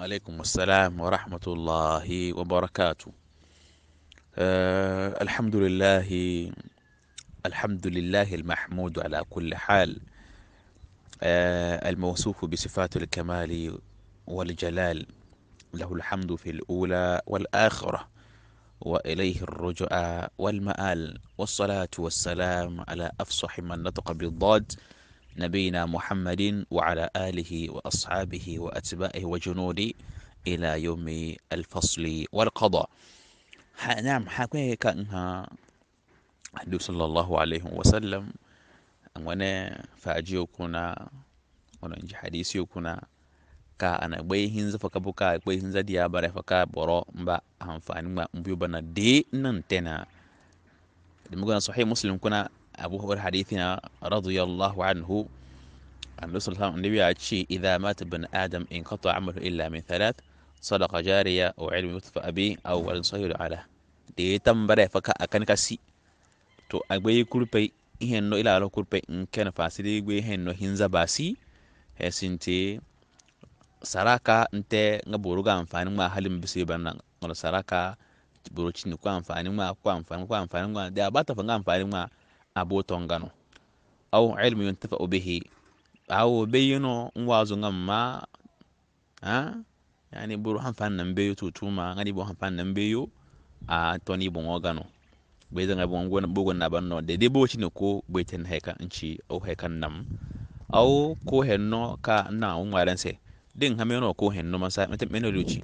عليكم السلام ورحمة الله وبركاته أه الحمد لله الحمد لله المحمود على كل حال أه الموصوف بصفات الكمال والجلال له الحمد في الأولى والآخرة وإليه الرجاء والمآل والصلاة والسلام على أفصح من نطق بالضاد نبينا محمد وعلى آله وأصحابه وأتباعه وجنوده إلى يوم الفصل والقضاء نعم حقيقة أنها حديث صلى الله عليه وسلم وانا فاجيو كنا وانا انجي حديثيو كنا كا انا bai hinza fa kabu ka bai hinza diya bare fa ka boro mba amfani ma mbiyo bana de nan tena da abu hadithina radiyallahu anhu annabi ya ce idza mata bin adam in qata amalu illa min thalath sadaqa jariya aw ilmi mutfa abi aw walin sahilu ala da ya tambara faka akan kasi to agbe kurpe ihen no ila kurpe in ken fasiri gbe hen no hinza basi hesinte saraka nte nga ga amfani ma halin bisi banna ngol saraka boro chini ko amfani ma ko amfani ko amfani ma da bata fa nga amfani ma abo tongano au ilmu yuntafau bihi au beyino nwazo ngamma ha yani buru hanfan nan beyo tutuma ngani bo hanfan nan beyo a toni bon ogano bai zanga bon gona bugun na banno de de bo chine ko bai tan heka nci au hekan nam au ko henno ka na unwaran se din ha meno ko henno masa mete meno luci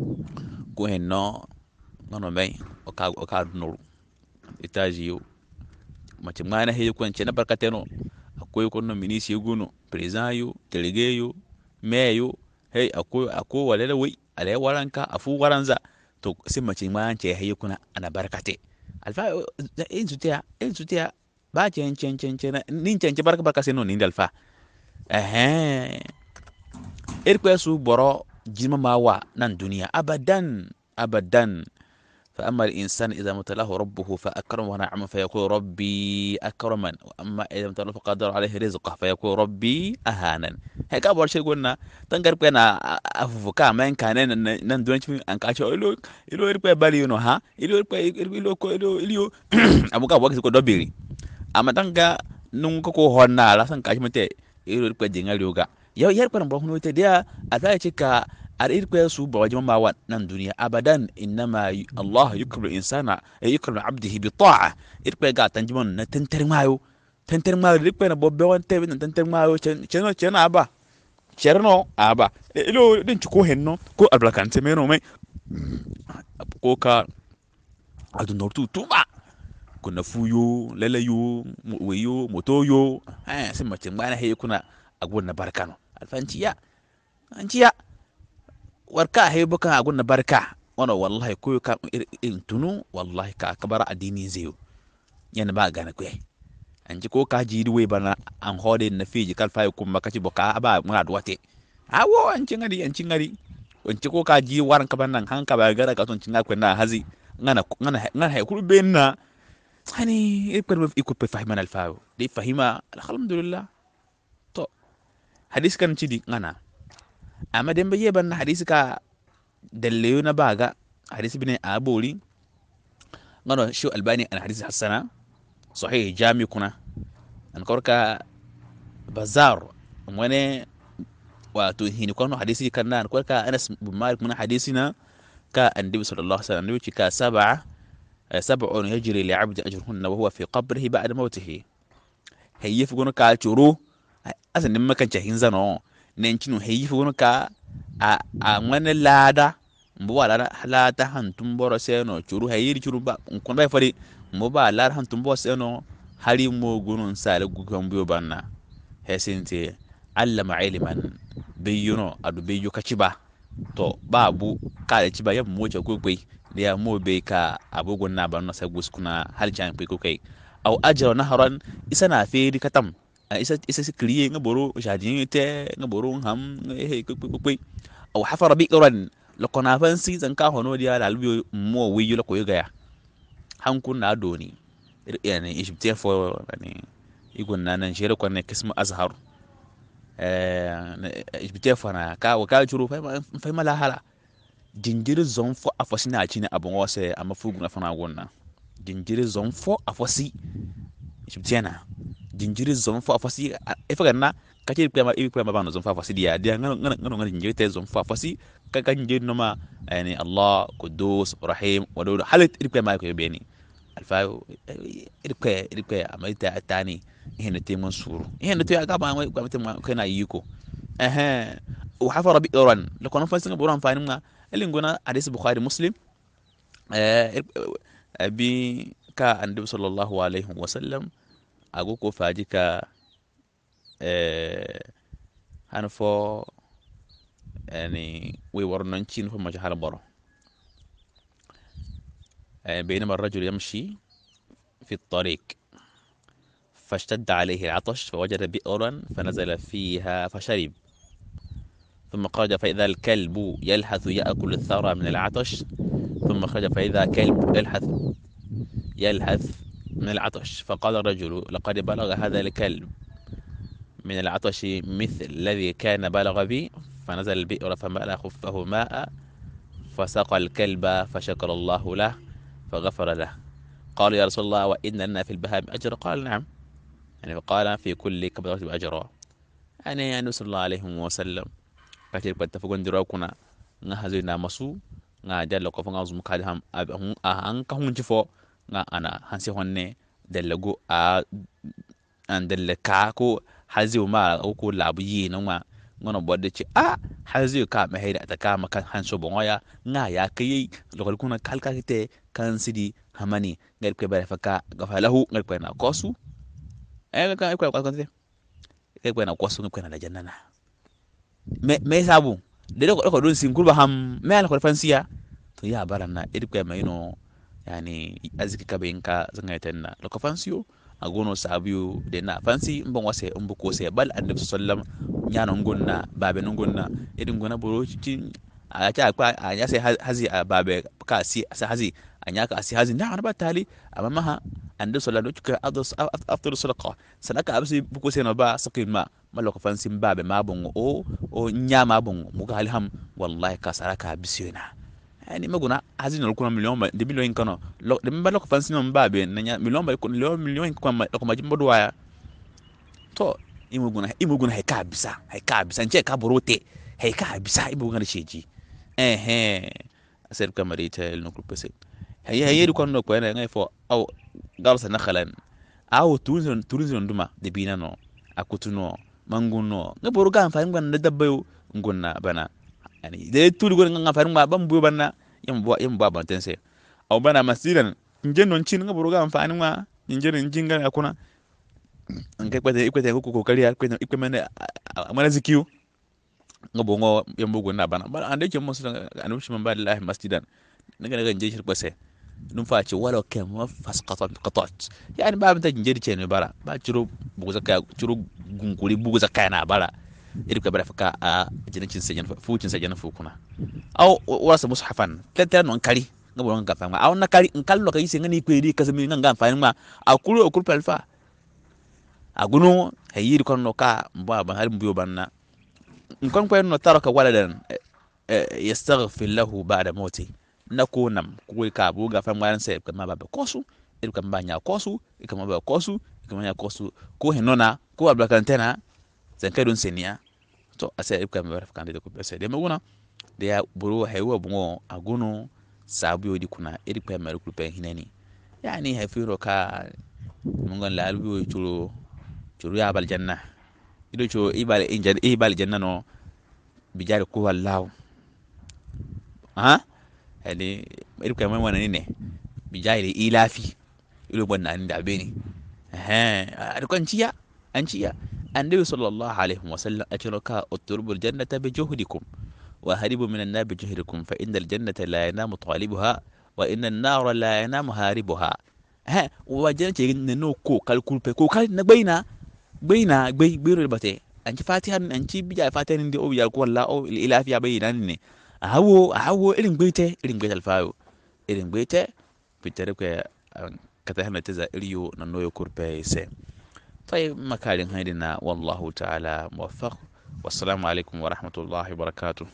ko henno ngono mai o ka o ka nuru itaji yo mati mwana heyo kwan chena barkateno akoyo kono minisi yuguno prezayo telegeyo meyo hey akoyo ako walele wei ale waranka afu waranza to sema chi mwana che heyo kuna ana barkate alfa inzutia eh, eh, inzutia eh, ba chen chen chen chen nin chen chen barka barka seno nin alfa ehe erkwesu boro jima mawa nan dunia abadan abadan فأما الإنسان إذا ابتلاه ربه فأكرمه ونعم فيقول ربي أكرمن وأما إذا ابتلاه فقدر عليه رزقه فيقول ربي أهانا هيك أول شيء قلنا تنقر بينا أفوكا ما إن كان نندون شو أن كاشو إلو إلو إلو بالي ينو ها إلو إلو إلو إلو إلو أبو كا بوكس كده بيري أما تنقا nunca ko honna la san kashi mate ilu ko jinga yoga yau yar kwanan ba hunote dia a ta cika arirkaya su bawajima mawan nan duniya abadan innama allah yukrimu insana eh, yukrimu abdihi bita'a irkaya ga tanjima eh, na tantar mayo tantar mayo irkaya na bobbe wan tebe na tantar mayo cheno cheno aba cherno aba ilo din chuko henno ko alblakante meno mai ko ka adu nortu tuba kuna fuyo lalayo weyo motoyo eh sai mace he kuna agwon na barkano alfanciya anciya warka hebo ka aguna barka ono wallahi kuyo ka intunu wallahi ka kabara adini zeyo yana ba gana kuye anji ko ka jiri we bana an hode na fiji kal fay kuma makati boka aba muna duwate awo anci ngari anci ngari anci ko ka ji waran ka banan han ka ba gara ka ton cinga na hazi ngana ngana ngana hay kulu benna yani ikon ikon pe fahima al fayo de fahima alhamdulillah to hadis kan cidi ngana amma dembe ye banna hadisi ka dalleyo na baga hadisi bine a bori ngano shi albani an hadisi hasana sahih jami kuna an korka bazar wani wato hini kwano hadisi kan nan korka anas bin malik mun hadisi na ka annabi sallallahu alaihi wasallam ka sab'a eh, sab'un yajri li 'abdi ajruhunna wa huwa fi qabrihi ba'da mawtihi hayif gun ka churu asan nimma kan chahin zano nencino heyifugun ka a a ŋmene laada mbo ba lara laata hantum boro seno curu hayiri curu ba kun ba fari mbo ba lara hantum boro seno hari mo gunun sale gukan biyo banna hesinte allama ilman biyuno adu biyu kaciba to ba ka da ciba ya mo ce kwaikwai da ya mo bai ka abugun na ban na sai guskuna har jan au ajra naharan isa na katam Ah, isasikilie ngeboro jardin na doni yani er, eh, na nigeria ko ne jinjiri zon fo afosi na chine abon wose ama fugu na fana gonna jinjiri zon fo afosi egyptien na jinjiri zonfa fasi efagana kache ikwema ikwema bano zonfa fasi dia dia ngano ngano ngano jinjiri te zonfa fasi kaka jinjiri noma yani Allah Qudus Rahim wadud halit ikwema kwa yobeni alfa ilikuwa ilikuwa amaita atani hina timu nsuru hina tu akaba kwa timu kana yiko ehe وحفر بئرا لكن انا فايسنج بوران فاينما اللي نقولنا حديث البخاري مسلم bi ka annabi sallallahu alaihi wasallam agu faajika eh, han fo yani way warnancin fo maja hal boro eh, بينما الرجل يمشي في الطريق فاشتد عليه العطش فوجد بئرا فنزل فيها فشرب ثم خرج فإذا الكلب يلحث يأكل الثرى من العطش ثم خرج فإذا كلب يلحث يلحث من العطش فقال الرجل لقد بلغ هذا الكلب من العطش مثل الذي كان بلغ بي فنزل البئر فملأ خفه ماء فسقى الكلب فشكر الله له فغفر له قال يا رسول الله وإن لنا في البهائم أجر قال نعم يعني قال في كل كبرة أجر يعني يعني صلى الله عليه وسلم كثير قد تفقون دراكنا kuna مسو hazo na masu nga jalla nga ana hansi honne dalla go a an dalla ka ko haziu ma ko labu yi no ma ngono bodde ci a ah, haziu ka me hayda ta kama kan hanso bongo ya nga ya kayi lokal kuna kalka kite kan sidi hamani ngal ko bare faka gafalahu ngal ko na kosu e ka ko ko te e ko na kosu ko na jannana me me sabu de ko ko don sin kurba ham me al ko fansiya to ya barana e ko me no yani aziki kabe nka zanga tenna loko fansiyo agono sabiyo de na fansi mbon wase mbu se bal annabi sallam nyano ngonna babe no ngonna edin gona boro cin a ta kwa a ya se hazi a babe ka si sa hazi a nya ka si hazi na ana batali amma maha annabi sallam doka ados after sadaqa sadaka absi bu ko se no ba sakin ma maloko fansi babe ma o o nya ma bongo wallahi ka saraka bisiyona Eh, ni maguna hazina lukuna miliomba ndi milioni nkano lo de mbalo ko fansino mbabe nanya miliomba ko lo milioni kwa ko majimbo dwaya to na imuguna na heka abisa heka abisa nje heka borote heka abisa kabisa na cheji eh eh asir kama retail no group se hayi hayi ko no ko ngai fo aw galsa nakhalan aw tunzon tunzon nduma de binano akutuno manguno ngaboro kan fa ngwana dabbayo ngonna bana yani de tuli gon nga farin ma ban buban na yin bo yin baba tense aw bana masiran nje non cin nga buruga amfani ma nje rin jinga ya kuna kwete ikwete ko kokari ya kwete ikwe mene amana zikiu nga bongo yin bugo na bana bana ande ke musu anu shi man masjidan nga nga nje shirko se num fa ci wala ke ma fas qatat yani ba ban nje ce ne bara ba ciro bugo zakka ciro gunkuri bugo zakka na bara iribka barafaka a jina chinse jana fu chinse jana fu kuna aw wasa mushafan tetere non kali nga bolon ka fama aw na kali nkal lo kayi senga ni kweri ka sami nga ngam fani ma akulu okul palfa agunu hayir kon no ka mba ban har mbiyo banna nkon ko no taraka waladan e, e, yastaghfir lahu ba'da mauti na ko nam ko ka bu ga fama ran sai kama baba kosu irka mbanya kosu ikama baba kosu ikama nya kosu ko henona ko ablakantena sen kai don seniya to asa ibka me baraf kan de ko asa de maguna de ya buru hay bungo agunu sabu yodi kuna ibka me ku pe hinani yani hay firo ka mungon la albi churu churu ya bal janna ido cho ibal injan ibal janna no bijari ko wallahu ha yani ibka me wana nine bijari ilafi ilo bonna ni da beni eh adkon ciya an ciya Annabi sallallahu alayhi wasallam akirokaa utlubul jannata bijuhdikum waharibu min annabi juhdikum fa inna aljannata la yanamu talibuha wa inna annara la yanamu haribuha he wajen ce ne no ko kalkul pe ko kal na gbaina gbaina gbai gbiro bate an ci fatiha an ci bija fatiha ne o ya ko walla o ilafiya bayina ne hawo hawo irin gbaite irin gbaite alfayo irin gbaite طيب مكان هيدنا والله تعالى موفق والسلام عليكم ورحمة الله وبركاته